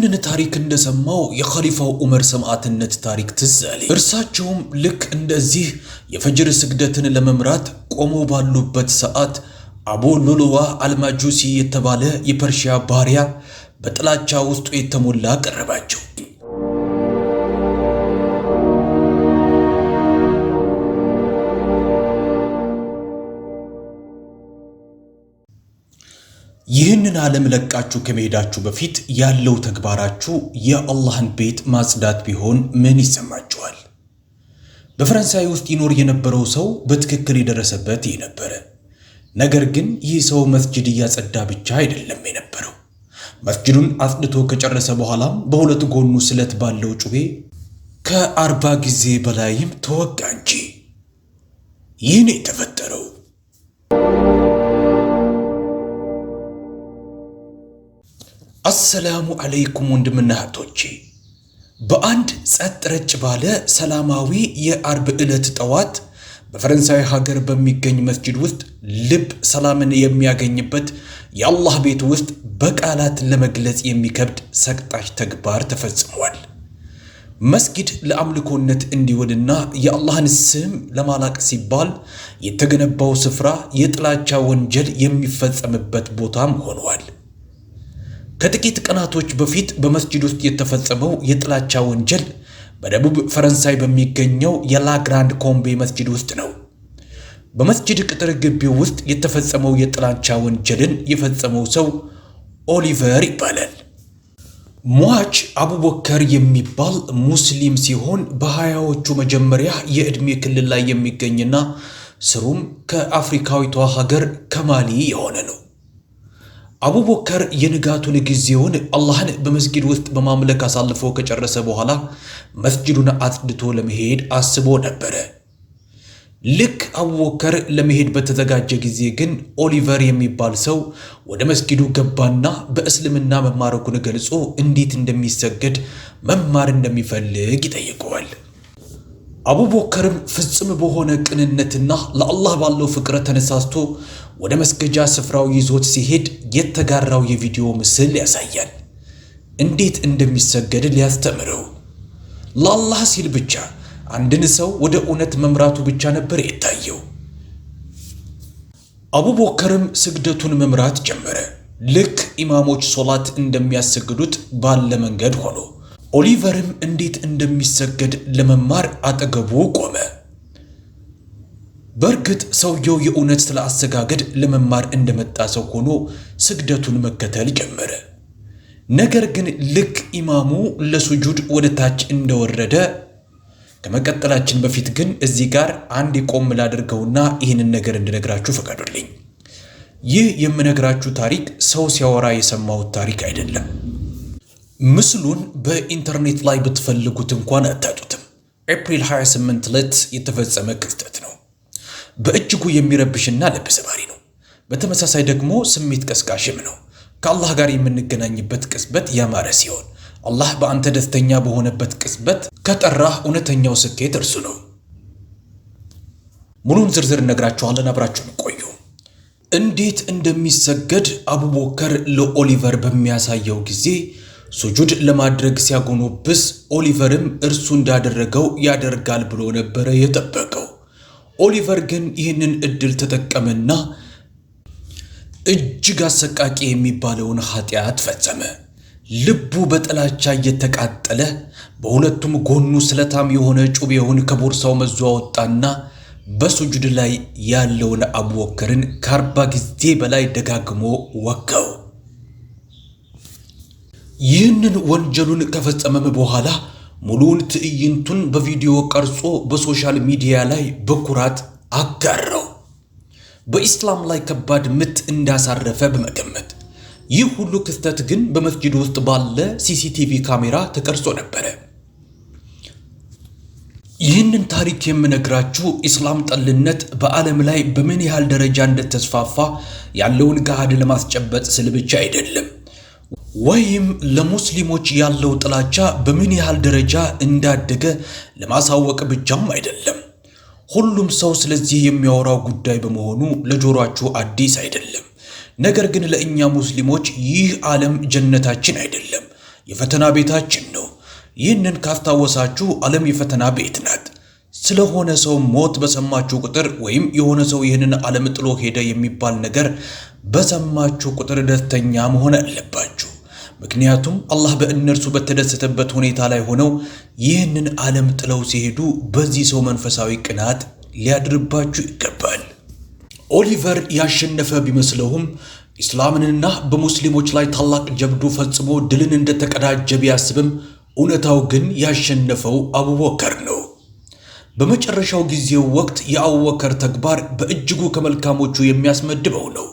ይህንን ታሪክ እንደሰማው የኸሊፋው ዑመር ሰማዕትነት ታሪክ ትዝ እርሳቸውም ልክ እንደዚህ የፈጅር ስግደትን ለመምራት ቆመው ባሉበት ሰዓት አቡ ሉሉዋ አልማጁሲ የተባለ የፐርሺያ ባሪያ በጥላቻ ውስጡ የተሞላ ቀረባቸው። ይህንን ዓለም ለቃችሁ ከመሄዳችሁ በፊት ያለው ተግባራችሁ የአላህን ቤት ማጽዳት ቢሆን ምን ይሰማችኋል? በፈረንሳይ ውስጥ ይኖር የነበረው ሰው በትክክል የደረሰበት ይህ ነበረ። ነገር ግን ይህ ሰው መስጅድ እያጸዳ ብቻ አይደለም የነበረው። መስጅዱን አጽድቶ ከጨረሰ በኋላም በሁለት ጎኑ ስለት ባለው ጩቤ ከአርባ ጊዜ በላይም ተወጋ እንጂ ይህን የተፈጠረው አሰላሙ አለይኩም ወንድምና እህቶቼ በአንድ ጸጥ ረጭ ባለ ሰላማዊ የአርብ ዕለት ጠዋት በፈረንሳይ ሀገር በሚገኝ መስጂድ ውስጥ ልብ ሰላምን የሚያገኝበት የአላህ ቤት ውስጥ በቃላት ለመግለጽ የሚከብድ ሰቅጣሽ ተግባር ተፈጽሟል። መስጊድ ለአምልኮነት እንዲውልና የአላህን ስም ለማላቅ ሲባል የተገነባው ስፍራ የጥላቻ ወንጀል የሚፈጸምበት ቦታም ሆኗል። ከጥቂት ቀናቶች በፊት በመስጂድ ውስጥ የተፈጸመው የጥላቻ ወንጀል በደቡብ ፈረንሳይ በሚገኘው የላግራንድ ኮምቤ መስጂድ ውስጥ ነው። በመስጂድ ቅጥር ግቢው ውስጥ የተፈጸመው የጥላቻ ወንጀልን የፈጸመው ሰው ኦሊቨር ይባላል። ሟች አቡበከር የሚባል ሙስሊም ሲሆን በሀያዎቹ መጀመሪያ የዕድሜ ክልል ላይ የሚገኝና ስሩም ከአፍሪካዊቷ ሀገር ከማሊ የሆነ ነው። አቡበከር የንጋቱን ጊዜውን አላህን በመስጊድ ውስጥ በማምለክ አሳልፎ ከጨረሰ በኋላ መስጅዱን አጽድቶ ለመሄድ አስቦ ነበረ። ልክ አቡበከር ለመሄድ በተዘጋጀ ጊዜ ግን ኦሊቨር የሚባል ሰው ወደ መስጊዱ ገባና በእስልምና መማረኩን ገልጾ እንዴት እንደሚሰገድ መማር እንደሚፈልግ ይጠይቀዋል። አቡበከርም ፍጽም በሆነ ቅንነትና ለአላህ ባለው ፍቅረት ተነሳስቶ ወደ መስገጃ ስፍራው ይዞት ሲሄድ የተጋራው የቪዲዮ ምስል ያሳያል። እንዴት እንደሚሰገድ ሊያስተምረው ለአላህ ሲል ብቻ አንድን ሰው ወደ እውነት መምራቱ ብቻ ነበር የታየው። አቡበከርም ስግደቱን መምራት ጀመረ። ልክ ኢማሞች ሶላት እንደሚያሰግዱት ባለ መንገድ ሆኖ ኦሊቨርም እንዴት እንደሚሰገድ ለመማር አጠገቡ ቆመ። በእርግጥ ሰውየው የእውነት ስለ አሰጋገድ ለመማር እንደመጣ ሰው ሆኖ ስግደቱን መከተል ጀመረ። ነገር ግን ልክ ኢማሙ ለሱጁድ ወደ ታች እንደወረደ ከመቀጠላችን በፊት ግን እዚህ ጋር አንድ ቆም ላደርገውና ይህንን ነገር እንድነግራችሁ ፈቀዱልኝ። ይህ የምነግራችሁ ታሪክ ሰው ሲያወራ የሰማሁት ታሪክ አይደለም። ምስሉን በኢንተርኔት ላይ ብትፈልጉት እንኳን አታጡትም። ኤፕሪል 28 ዕለት የተፈጸመ ክስተት በእጅጉ የሚረብሽና ልብ ሰባሪ ነው። በተመሳሳይ ደግሞ ስሜት ቀስቃሽም ነው። ከአላህ ጋር የምንገናኝበት ቅጽበት ያማረ ሲሆን አላህ በአንተ ደስተኛ በሆነበት ቅጽበት ከጠራህ እውነተኛው ስኬት እርሱ ነው። ሙሉን ዝርዝር እነግራችኋለን። አብራችሁን ቆዩ። እንዴት እንደሚሰገድ አቡበከር ለኦሊቨር በሚያሳየው ጊዜ ሱጁድ ለማድረግ ሲያጎኖብስ ኦሊቨርም እርሱ እንዳደረገው ያደርጋል ብሎ ነበረ የጠበቀው። ኦሊቨር ግን ይህንን እድል ተጠቀመና እጅግ አሰቃቂ የሚባለውን ኃጢአት ፈጸመ። ልቡ በጥላቻ እየተቃጠለ በሁለቱም ጎኑ ስለታም የሆነ ጩቤውን ከቦርሳው መዞ አወጣና በሱጁድ ላይ ያለውን አቡበከርን ከአርባ ጊዜ በላይ ደጋግሞ ወጋው። ይህንን ወንጀሉን ከፈጸመም በኋላ ሙሉውን ትዕይንቱን በቪዲዮ ቀርጾ በሶሻል ሚዲያ ላይ በኩራት አጋራው። በኢስላም ላይ ከባድ ምት እንዳሳረፈ በመገመት ይህ ሁሉ ክስተት ግን በመስጂድ ውስጥ ባለ ሲሲቲቪ ካሜራ ተቀርጾ ነበረ። ይህንን ታሪክ የምነግራችሁ ኢስላም ጠልነት በዓለም ላይ በምን ያህል ደረጃ እንደተስፋፋ ያለውን ገሃድ ለማስጨበጥ ስል ብቻ አይደለም ወይም ለሙስሊሞች ያለው ጥላቻ በምን ያህል ደረጃ እንዳደገ ለማሳወቅ ብቻም አይደለም። ሁሉም ሰው ስለዚህ የሚያወራው ጉዳይ በመሆኑ ለጆሯችሁ አዲስ አይደለም። ነገር ግን ለእኛ ሙስሊሞች ይህ ዓለም ጀነታችን አይደለም፣ የፈተና ቤታችን ነው። ይህንን ካስታወሳችሁ ዓለም የፈተና ቤት ናት። ስለሆነ ሰው ሞት በሰማችሁ ቁጥር ወይም የሆነ ሰው ይህንን ዓለም ጥሎ ሄደ የሚባል ነገር በሰማችሁ ቁጥር ደስተኛ መሆን አለባችሁ። ምክንያቱም አላህ በእነርሱ በተደሰተበት ሁኔታ ላይ ሆነው ይህንን ዓለም ጥለው ሲሄዱ በዚህ ሰው መንፈሳዊ ቅናት ሊያድርባችሁ ይገባል። ኦሊቨር ያሸነፈ ቢመስለውም ኢስላምንና በሙስሊሞች ላይ ታላቅ ጀብዱ ፈጽሞ ድልን እንደተቀዳጀ ቢያስብም እውነታው ግን ያሸነፈው አቡበከር ነው። በመጨረሻው ጊዜው ወቅት የአቡበከር ተግባር በእጅጉ ከመልካሞቹ የሚያስመድበው ነው።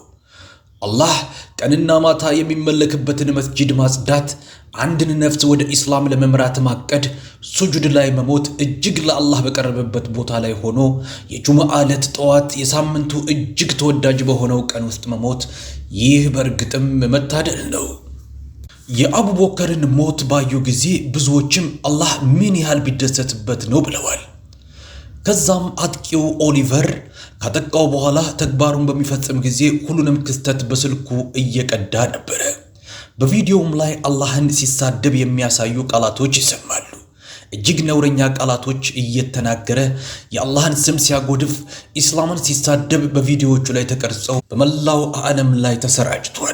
አላህ ቀንና ማታ የሚመለክበትን መስጂድ ማጽዳት፣ አንድን ነፍስ ወደ ኢስላም ለመምራት ማቀድ፣ ሱጁድ ላይ መሞት እጅግ ለአላህ በቀረበበት ቦታ ላይ ሆኖ የጁምዓ ዕለት ጠዋት የሳምንቱ እጅግ ተወዳጅ በሆነው ቀን ውስጥ መሞት፣ ይህ በእርግጥም መታደል ነው። የአቡበከርን ሞት ባዩ ጊዜ ብዙዎችም አላህ ምን ያህል ቢደሰትበት ነው ብለዋል። ከዛም አጥቂው ኦሊቨር ካጠቃው በኋላ ተግባሩን በሚፈጽም ጊዜ ሁሉንም ክስተት በስልኩ እየቀዳ ነበረ። በቪዲዮውም ላይ አላህን ሲሳደብ የሚያሳዩ ቃላቶች ይሰማሉ። እጅግ ነውረኛ ቃላቶች እየተናገረ የአላህን ስም ሲያጎድፍ፣ ኢስላምን ሲሳደብ በቪዲዮዎቹ ላይ ተቀርጸው በመላው ዓለም ላይ ተሰራጭቷል።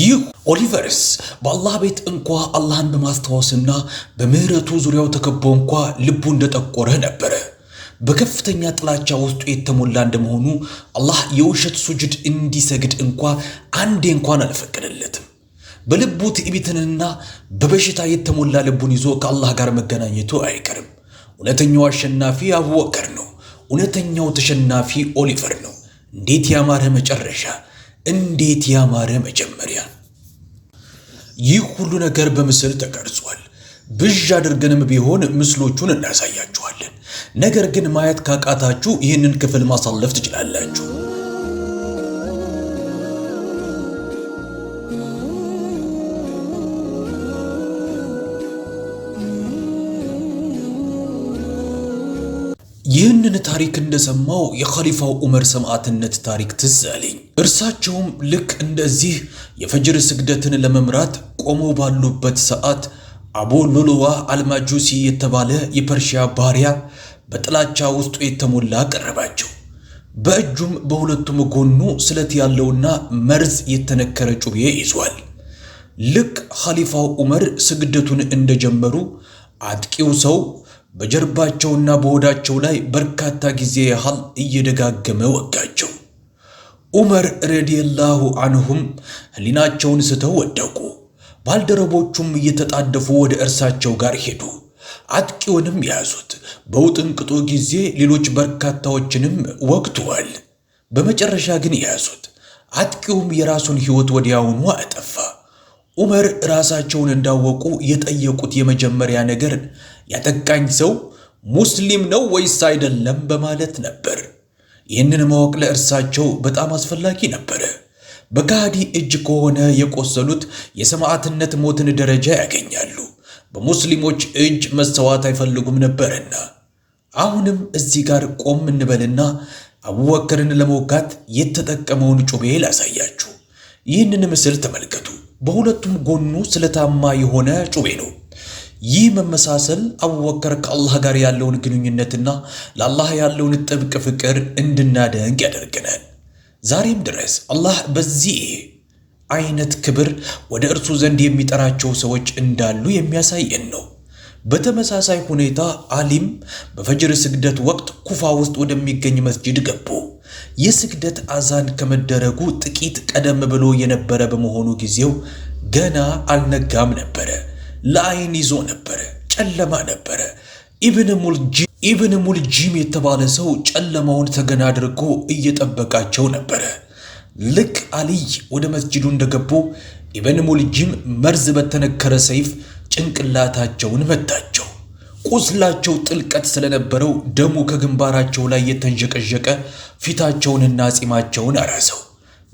ይህ ኦሊቨርስ በአላህ ቤት እንኳ አላህን በማስታወስና በምህረቱ ዙሪያው ተከቦ እንኳ ልቡ እንደጠቆረ ነበረ። በከፍተኛ ጥላቻ ውስጡ የተሞላ እንደመሆኑ አላህ የውሸት ሱጁድ እንዲሰግድ እንኳ አንዴ እንኳን አልፈቀደለትም። በልቡ ትዕቢትንና በበሽታ የተሞላ ልቡን ይዞ ከአላህ ጋር መገናኘቱ አይቀርም። እውነተኛው አሸናፊ አቡበከር ነው። እውነተኛው ተሸናፊ ኦሊቨር ነው። እንዴት ያማረ መጨረሻ! እንዴት ያማረ መጀመሪያ! ይህ ሁሉ ነገር በምስል ተቀርጿል። ብዥ አድርገንም ቢሆን ምስሎቹን እናሳያችኋለን። ነገር ግን ማየት ካቃታችሁ ይህንን ክፍል ማሳለፍ ትችላላችሁ። ይህንን ታሪክ እንደሰማው የኸሊፋው ዑመር ሰማዕትነት ታሪክ ትዝ አለኝ። እርሳቸውም ልክ እንደዚህ የፈጅር ስግደትን ለመምራት ቆመው ባሉበት ሰዓት አቡ ሉሉዋ አልማጁሲ የተባለ የፐርሺያ ባሪያ በጥላቻ ውስጡ የተሞላ ቀረባቸው። በእጁም በሁለቱም ጎኑ ስለት ያለውና መርዝ የተነከረ ጩቤ ይዟል። ልክ ኸሊፋው ዑመር ስግደቱን እንደጀመሩ አጥቂው ሰው በጀርባቸውና በሆዳቸው ላይ በርካታ ጊዜ ያህል እየደጋገመ ወጋቸው። ዑመር ረዲየላሁ አንሁም ህሊናቸውን ስተው ወደቁ። ባልደረቦቹም እየተጣደፉ ወደ እርሳቸው ጋር ሄዱ። አጥቂውንም ያዙት። በውጥንቅጦ ጊዜ ሌሎች በርካታዎችንም ወግተዋል። በመጨረሻ ግን ያዙት። አጥቂውም የራሱን ሕይወት ወዲያውኑ አጠፋ። ዑመር ራሳቸውን እንዳወቁ የጠየቁት የመጀመሪያ ነገር ያጠቃኝ ሰው ሙስሊም ነው ወይስ አይደለም በማለት ነበር። ይህንን ማወቅ ለእርሳቸው በጣም አስፈላጊ ነበር። በካሃዲ እጅ ከሆነ የቆሰሉት የሰማዕትነት ሞትን ደረጃ ያገኛሉ። በሙስሊሞች እጅ መሰዋት አይፈልጉም ነበርና። አሁንም እዚህ ጋር ቆም እንበልና አቡበከርን ለመውጋት የተጠቀመውን ጩቤ ላሳያችሁ። ይህንን ምስል ተመልከቱ። በሁለቱም ጎኑ ስለታማ የሆነ ጩቤ ነው። ይህ መመሳሰል አቡበከር ከአላህ ጋር ያለውን ግንኙነትና ለአላህ ያለውን ጥብቅ ፍቅር እንድናደንቅ ያደርገናል። ዛሬም ድረስ አላህ በዚህ አይነት ክብር ወደ እርሱ ዘንድ የሚጠራቸው ሰዎች እንዳሉ የሚያሳየን ነው። በተመሳሳይ ሁኔታ አሊም በፈጅር ስግደት ወቅት ኩፋ ውስጥ ወደሚገኝ መስጂድ ገቡ። የስግደት አዛን ከመደረጉ ጥቂት ቀደም ብሎ የነበረ በመሆኑ ጊዜው ገና አልነጋም ነበረ። ለአይን ይዞ ነበረ። ጨለማ ነበረ። ኢብን ሙልጂም የተባለ ሰው ጨለማውን ተገና አድርጎ እየጠበቃቸው ነበረ። ልክ አልይ ወደ መስጂዱ እንደገቡ ኢብን ሙልጂም መርዝ በተነከረ ሰይፍ ጭንቅላታቸውን መታቸው። ቁስላቸው ጥልቀት ስለነበረው ደሙ ከግንባራቸው ላይ የተንዠቀዠቀ ፊታቸውንና ፂማቸውን አራሰው።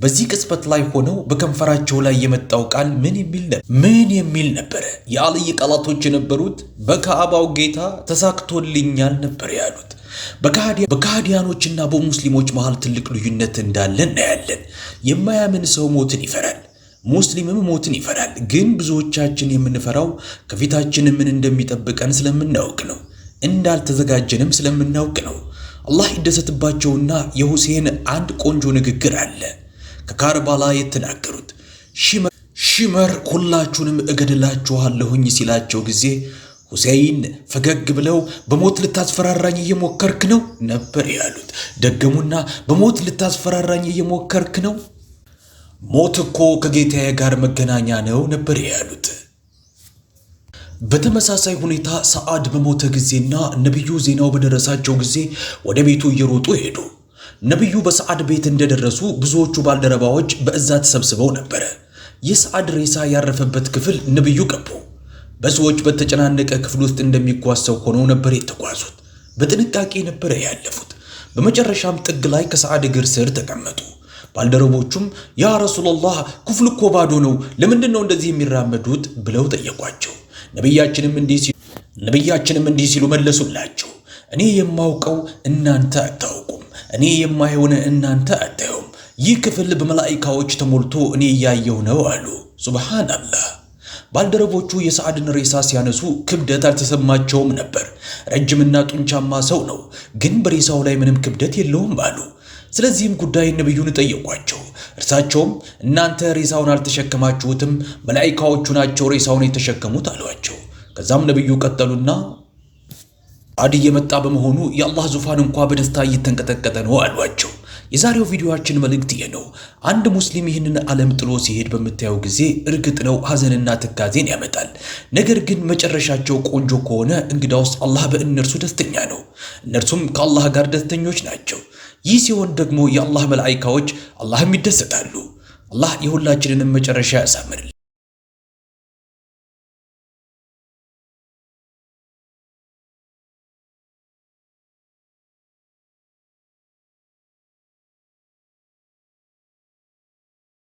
በዚህ ቅጽበት ላይ ሆነው በከንፈራቸው ላይ የመጣው ቃል ምን የሚል ነበር? ምን የሚል ነበረ? የአልይ ቃላቶች የነበሩት በካዕባው ጌታ ተሳክቶልኛል ነበር ያሉት። በካህዲያኖችና በሙስሊሞች መሃል ትልቅ ልዩነት እንዳለ እናያለን። የማያምን ሰው ሞትን ይፈራል፣ ሙስሊምም ሞትን ይፈራል። ግን ብዙዎቻችን የምንፈራው ከፊታችን ምን እንደሚጠብቀን ስለምናውቅ ነው፣ እንዳልተዘጋጀንም ስለምናውቅ ነው። አላህ ይደሰትባቸውና የሁሴን አንድ ቆንጆ ንግግር አለ። ከካርባላ የተናገሩት ሽመር ሁላችሁንም እገድላችኋለሁኝ ሲላቸው ጊዜ ሁሴይን ፈገግ ብለው በሞት ልታስፈራራኝ እየሞከርክ ነው ነበር ያሉት። ደገሙና በሞት ልታስፈራራኝ እየሞከርክ ነው? ሞት እኮ ከጌታዬ ጋር መገናኛ ነው ነበር ያሉት። በተመሳሳይ ሁኔታ ሰዓድ በሞተ ጊዜና ነቢዩ ዜናው በደረሳቸው ጊዜ ወደ ቤቱ እየሮጡ ሄዱ። ነቢዩ በሰዓድ ቤት እንደደረሱ ብዙዎቹ ባልደረባዎች በእዛ ተሰብስበው ነበረ። የሰዓድ ሬሳ ያረፈበት ክፍል ነቢዩ ገቡ። በሰዎች በተጨናነቀ ክፍል ውስጥ እንደሚጓዝ ሆነው ነበር የተጓዙት። በጥንቃቄ ነበረ ያለፉት። በመጨረሻም ጥግ ላይ ከሰዓድ እግር ስር ተቀመጡ። ባልደረቦቹም ያ ረሱላላህ ክፍል እኮ ባዶ ነው፣ ለምንድን ነው እንደዚህ የሚራመዱት ብለው ጠየቋቸው። ነቢያችንም እንዲህ ሲሉ መለሱላቸው፣ እኔ የማውቀው እናንተ አታውቁ እኔ የማየውን እናንተ አታዩም። ይህ ክፍል በመላኢካዎች ተሞልቶ እኔ እያየሁ ነው አሉ። ሱብሃንአላህ። ባልደረቦቹ የሰዓድን ሬሳ ሲያነሱ ክብደት አልተሰማቸውም ነበር። ረጅምና ጡንቻማ ሰው ነው፣ ግን በሬሳው ላይ ምንም ክብደት የለውም አሉ። ስለዚህም ጉዳይ ነቢዩን ጠየቋቸው። እርሳቸውም እናንተ ሬሳውን አልተሸከማችሁትም፣ መላኢካዎቹ ናቸው ሬሳውን የተሸከሙት አሏቸው። ከዛም ነቢዩ ቀጠሉና አድ እየመጣ በመሆኑ የአላህ ዙፋን እንኳ በደስታ እየተንቀጠቀጠ ነው አሏቸው። የዛሬው ቪዲዮአችን መልእክት ይህ ነው። አንድ ሙስሊም ይህንን ዓለም ጥሎ ሲሄድ በምታየው ጊዜ እርግጥ ነው ሐዘንና ትካዜን ያመጣል። ነገር ግን መጨረሻቸው ቆንጆ ከሆነ እንግዳውስ አላህ በእነርሱ ደስተኛ ነው፣ እነርሱም ከአላህ ጋር ደስተኞች ናቸው። ይህ ሲሆን ደግሞ የአላህ መላኢካዎች አላህም ይደሰታሉ። አላህ የሁላችንንም መጨረሻ ያሳምርልን።